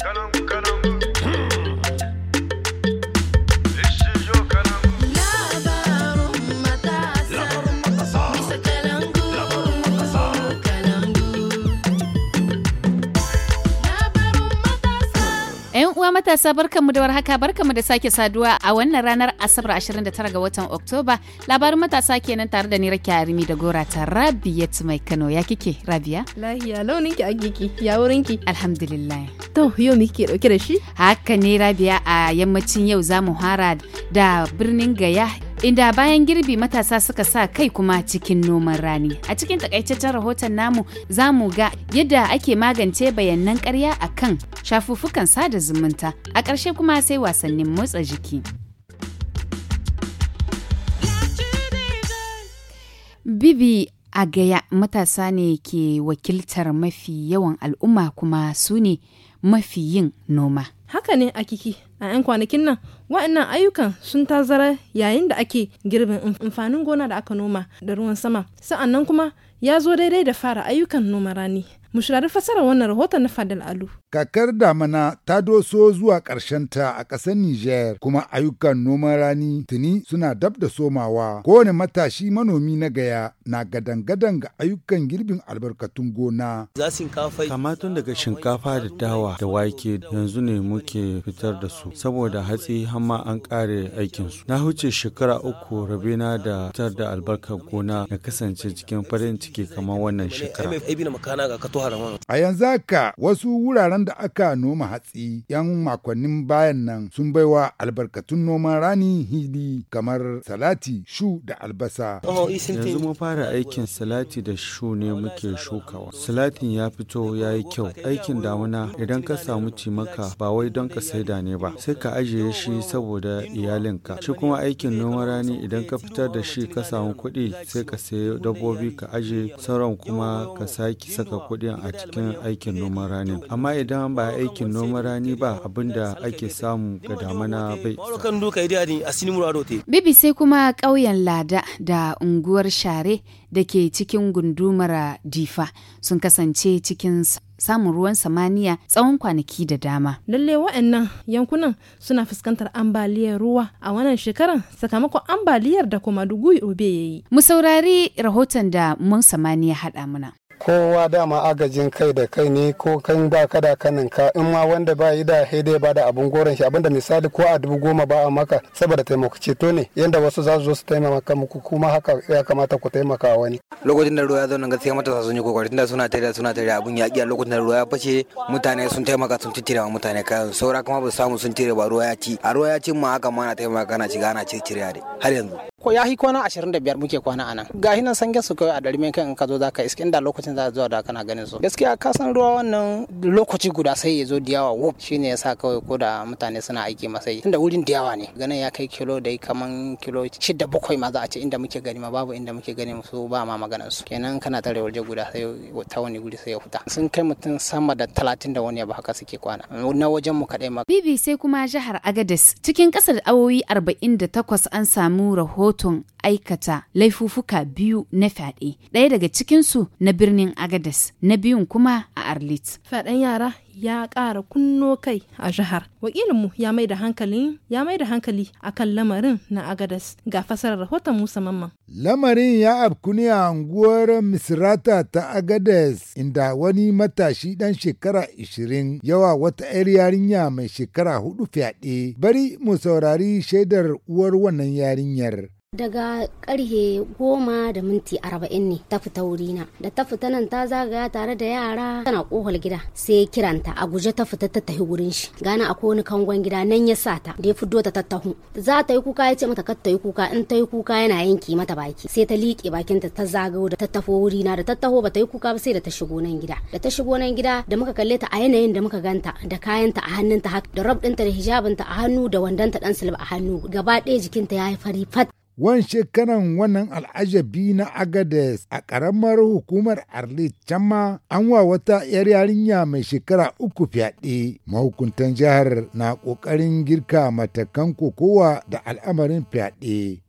Caramba, caramba. kuma matasa barkanmu da warhaka barkanmu da sake saduwa a wannan ranar Asabar 29 ga watan Oktoba. Labarin matasa kenan tare da ni Rakiya Arimi da Gora ta Rabiyat Mai Kano. Ya kike Rabiya? Lahiya launin ki agiki ya wurin ki. Alhamdulillah. To yau me kike dauke da shi? Haka ne Rabiya a yammacin yau zamu hara da birnin Gaya inda bayan girbi matasa suka sa kai kuma cikin noman rani a cikin takaitaccen rahoton namu za mu ga yadda ake magance bayanan karya a kan shafuffukan sada zumunta a ƙarshe kuma sai wasannin motsa jiki bibi a gaya matasa ne ke wakiltar mafi yawan al'umma kuma su ne mafi yin noma haka ne a kiki a 'yan kwanakin nan wa'annan ayyukan sun tazara yayin da ake girbin amfanin gona da aka noma da ruwan sama sa'annan kuma ya zo daidai da fara ayyukan noma rani Mushirari fasara wannan rahoton na Fadal Alu. Kakar damana ta doso zuwa ta a ƙasar Nijar kuma ayyukan noman rani tuni suna dab da somawa. Kowane matashi manomi na gaya na gadan-gadan ga ayyukan girbin albarkatun gona. Kama tun daga shinkafa da dawa da wake yanzu ne muke fitar da su saboda hatsi hamma an ƙare aikinsu. Na huce shekara uku rabina da fitar da albarkar gona na kasance cikin farin ciki kamar wannan shekara. A yanzu haka wasu wuraren da aka noma hatsi 'yan makonnin bayan nan sun baiwa albarkatun noman rani hili kamar salati, shu da albasa. Oh, yanzu mun fara aikin salati da shu ne muke shukawa. Salatin ya fito ya yi kyau. Aikin damuna idan ka samu cimaka ba wai don ka saida ne ba, sai ka ajiye shi saboda iyalinka. Shi kuma aikin noman rani idan ka fitar da shi ka samu kuɗi sai ka sayi dabbobi ka ajiye sauran kuma ka sake saka kuɗi kuɗin a cikin aikin noman rani. Amma idan ba aikin noman rani ba abinda ake samu ga damana bai. BBC sai kuma ƙauyen Lada da unguwar Share da ke cikin gundumar Difa sun kasance cikin samun ruwan samaniya tsawon kwanaki da dama. Lalle waɗannan yankunan suna fuskantar ambaliyar ruwa a wannan shekarar sakamakon ambaliyar da kuma dugu obe ya yi. Mu saurari rahoton da mun samaniya haɗa muna. kowa dama agajin kai da kai ne ko kan ba ka da kanin ka in ma wanda ba yi da haidai ba da abun goron shi abinda misali ko a dubu goma ba a maka saboda taimako ceto ne yanda wasu za su zo su taimaka muku kuma haka ya kamata ku taimaka wani lokacin da ruwa ya zo nan gaskiya matasa sun yi kokari tunda suna tare suna tare abun ya kiya lokacin da ruwa ya fashe mutane sun taimaka sun tittira wa mutane kayan saura kuma ba su samu sun tire ba ruwa ya ci a ruwa ya ci ma haka ma na taimaka na shiga ana cire cire har yanzu ya hi kwana 25 muke kwana a nan ga hinan sangen su a dari mai kan ka zo za ka iske inda lokacin za zuwa da kana ganin su gaskiya ka san ruwa wannan lokaci guda sai ya zo diyawa wo. shine yasa kawai ko da mutane suna aiki masai tunda wurin da ne ganin ya kai kilo da kaman kilo 6 bakwai ma za a ce inda muke gani ma babu inda muke gani su ba ma maganar su kenan kana tare waje guda sai ta wani guri sai ya fita sun kai mutum sama da 30 da wani ba haka suke kwana na wajen mu kadai ma bibi sai kuma jihar agadis cikin kasar awowi 48 an samu rahoto rahoton aikata laifufuka biyu na fyaɗe ɗaya daga cikinsu na birnin agadas na biyun kuma a arlit fyaɗen yara ya ƙara kunno kai a jihar wakilinmu ya mai da hankali ya mai da hankali akan lamarin na agadas ga fasarar rahoton musa mamman lamarin ya afku ne a unguwar misrata ta agadas inda wani matashi dan shekara 20 yawa wata 'yar yarinya mai shekara hudu fyaɗe bari mu saurari shaidar uwar wannan yarinyar daga karhe goma da minti arba'in ne ta fita wurina da ta fita nan ta zagaya tare da yara tana kohol gida sai kiranta a guje ta fita ta tafi wurin shi gana a kowani kangon gida nan ya sa ta da ya fito ta tattahu za ta yi kuka ya ce mata kar ta yi kuka in ta yi kuka yana yanki mata baki sai ta liƙe bakin ta zagayo da ta tafi wurina da tattaho ba ta yi kuka ba sai da ta shigo nan gida da ta shigo nan gida da muka kalle ta a yanayin da muka ganta da kayanta a hannunta haka da rab da hijabinta a hannu da wandanta dan silba a hannu gaba ɗaya jikinta ya yi fari fat Wan shekaran wannan al'ajabi na Agades a ƙaramar hukumar Arlit can an wa wata 'yar yarinya mai shekara uku fyaɗe. Mahukuntan jihar na ƙoƙarin girka matakan kokowa da al'amarin fyaɗe.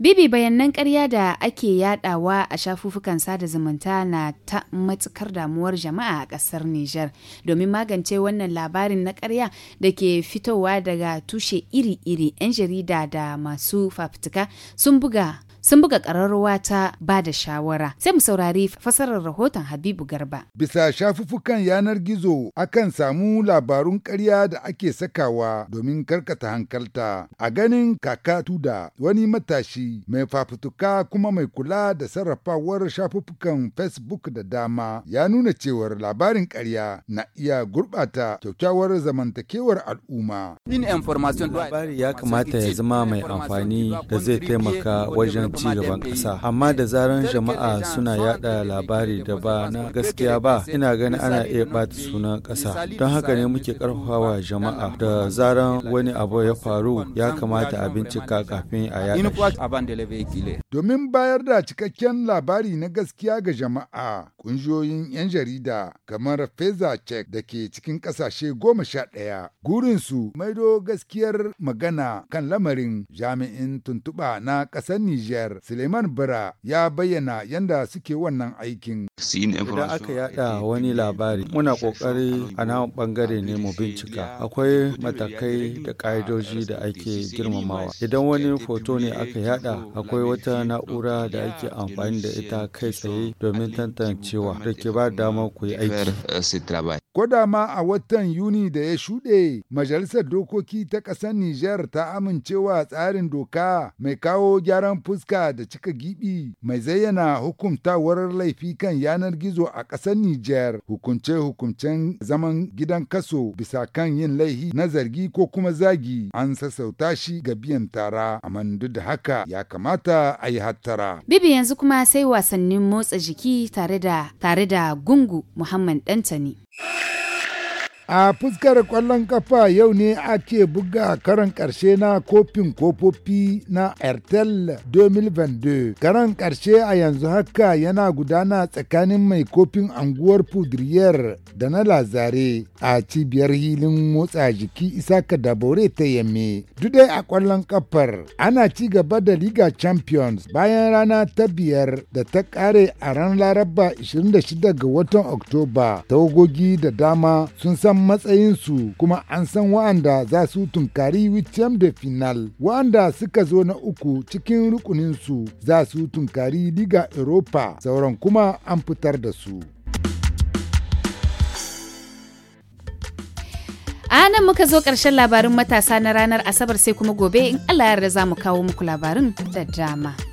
Bibi bayanan karya da ake yadawa a shafuffukan sada zumunta na ta matukar damuwar jama'a a ƙasar Nijar. Domin magance wannan labarin na ƙarya da ke fitowa daga tushe iri-iri 'yan jarida da masu fafutuka sun buga sun buga ƙararrawa ta ba da shawara. Sai mu saurari fasarar rahoton Habibu Garba. Bisa shafuffukan yanar gizo akan samu labarun ƙarya da ake sakawa domin karkata hankalta. A ganin kaka tuda wani matashi mai fafutuka kuma mai kula da sarrafawar shafuffukan Facebook da dama ya nuna cewar labarin ƙarya na iya gurɓata kyakkyawar zamantakewar al'umma. Labari ya kamata ya zama mai amfani da zai taimaka wajen samun ci gaban ƙasa amma da zaran jama'a suna yada labari da ba na gaskiya ba ina ganin ana iya bata sunan ƙasa don haka ne muke wa jama'a da zaran wani abu ya faru ya kamata a bincika kafin a domin bayar da cikakken labari na gaskiya ga jama'a ƙungiyoyin 'yan jarida kamar feza check da ke cikin ƙasashe goma sha ɗaya su maido gaskiyar magana kan lamarin jami'in tuntuba na ƙasar Nijar. Niger Suleiman Bira ya bayyana yanda suke wannan aikin. Idan aka yada wani labari muna kokari a nan bangare ne mu bincika akwai matakai da ka'idoji da ake girmamawa idan wani foto ne aka yada akwai wata na'ura da ake amfani da ita kai tsaye domin tantancewa da ke ba dama ku yi aiki. Eh, Koda ma a watan Yuni da ya shuɗe, Majalisar Dokoki ta ƙasar Nijar ta amincewa tsarin doka mai kawo gyaran fuska iska da cika gibi mai zayyana hukumtawar laifi kan yanar gizo a ƙasar Nijar hukunce-hukuncen zaman gidan kaso bisa kan yin laihi na zargi ko kuma zagi an sassauta shi ga biyan tara amma duk da haka ya kamata a yi hattara. Bibi yanzu kuma sai wasannin motsa jiki tare da tare da gungu Muhammad Dantani. a fuskar kwallon kafa yau ne ake buga karan karshe na kofin kofofi na airtel 2022 karan karshe a yanzu haka yana gudana tsakanin mai kofin anguwar pudriyar da na lazare a cibiyar hilin motsa jiki isaka dabore ta yamme dudai a kwallon kafar ana ci gaba da liga champions bayan rana ta biyar da ta kare a ran laraba 26 ga watan oktoba tawagogi da dama sun sama matsayinsu kuma an san wa'anda za su tunkari wicem da final wa'anda suka zo na uku cikin rukuninsu za su tunkari liga europa sauran kuma an fitar da su. A nan muka zo ƙarshen labarin matasa na ranar Asabar sai kuma gobe in Allah yarda za mu kawo muku labarin da dama.